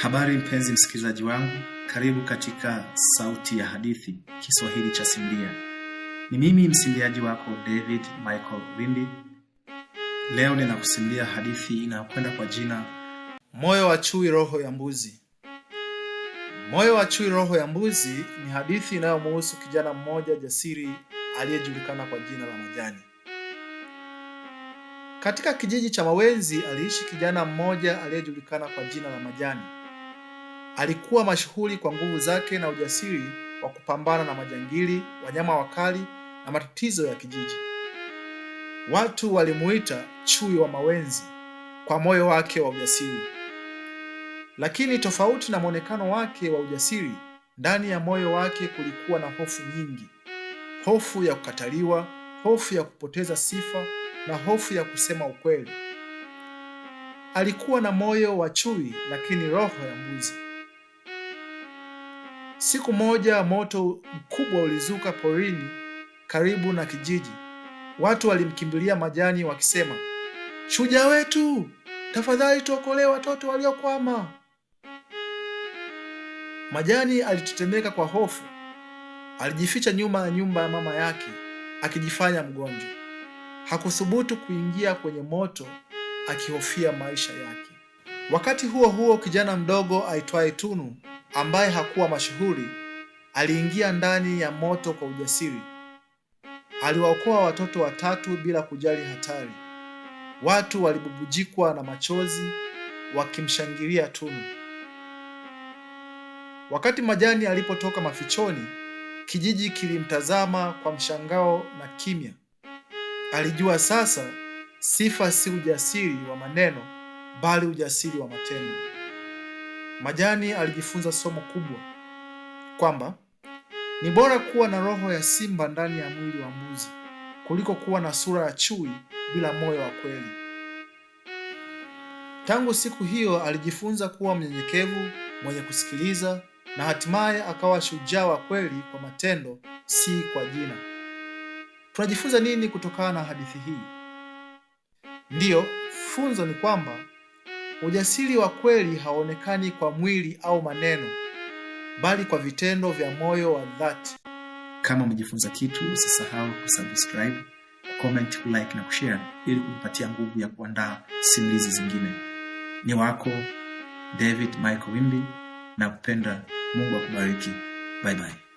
Habari mpenzi msikilizaji wangu, karibu katika Sauti ya Hadithi Kiswahili cha Simbia. Ni mimi msimbiaji wako David Michael Wimbi. Leo ninakusimbia hadithi inayokwenda kwa jina Moyo wa Chui, Roho ya Mbuzi. Moyo wa Chui, Roho ya Mbuzi ni hadithi inayomuhusu kijana mmoja jasiri aliyejulikana kwa jina la Majani. Katika kijiji cha Mawenzi aliishi kijana mmoja aliyejulikana kwa jina la Majani. Alikuwa mashuhuri kwa nguvu zake na ujasiri wa kupambana na majangili, wanyama wakali na matatizo ya kijiji. Watu walimuita chui wa mawenzi kwa moyo wake wa ujasiri. Lakini tofauti na mwonekano wake wa ujasiri, ndani ya moyo wake kulikuwa na hofu nyingi, hofu ya kukataliwa, hofu ya kupoteza sifa na hofu ya kusema ukweli. Alikuwa na moyo wa chui, lakini roho ya mbuzi. Siku moja moto mkubwa ulizuka porini karibu na kijiji. Watu walimkimbilia Majani wakisema, shujaa wetu, tafadhali tuokolee watoto waliokwama. Majani alitetemeka kwa hofu. Alijificha nyuma ya nyumba ya mama yake akijifanya mgonjwa. Hakuthubutu kuingia kwenye moto akihofia maisha yake. Wakati huo huo, kijana mdogo aitwaye Tunu ambaye hakuwa mashuhuri aliingia ndani ya moto kwa ujasiri. Aliwaokoa watoto watatu bila kujali hatari. Watu walibubujikwa na machozi wakimshangilia Tunu. Wakati Majani alipotoka mafichoni, kijiji kilimtazama kwa mshangao na kimya. Alijua sasa sifa si ujasiri wa maneno, bali ujasiri wa matendo. Majani alijifunza somo kubwa kwamba ni bora kuwa na roho ya simba ndani ya mwili wa mbuzi kuliko kuwa na sura ya chui bila moyo wa kweli. Tangu siku hiyo alijifunza kuwa mnyenyekevu, mwenye kusikiliza na hatimaye akawa shujaa wa kweli kwa matendo, si kwa jina. Tunajifunza nini kutokana na hadithi hii? Ndiyo, funzo ni kwamba Ujasiri wa kweli haonekani kwa mwili au maneno, bali kwa vitendo vya moyo wa dhati. Kama umejifunza kitu, usisahau kusubscribe, comment, kulike na kushare ili kumpatia nguvu ya kuandaa simulizi zingine. Ni wako David Michael Wimbi na kupenda. Mungu akubariki. Bye bye.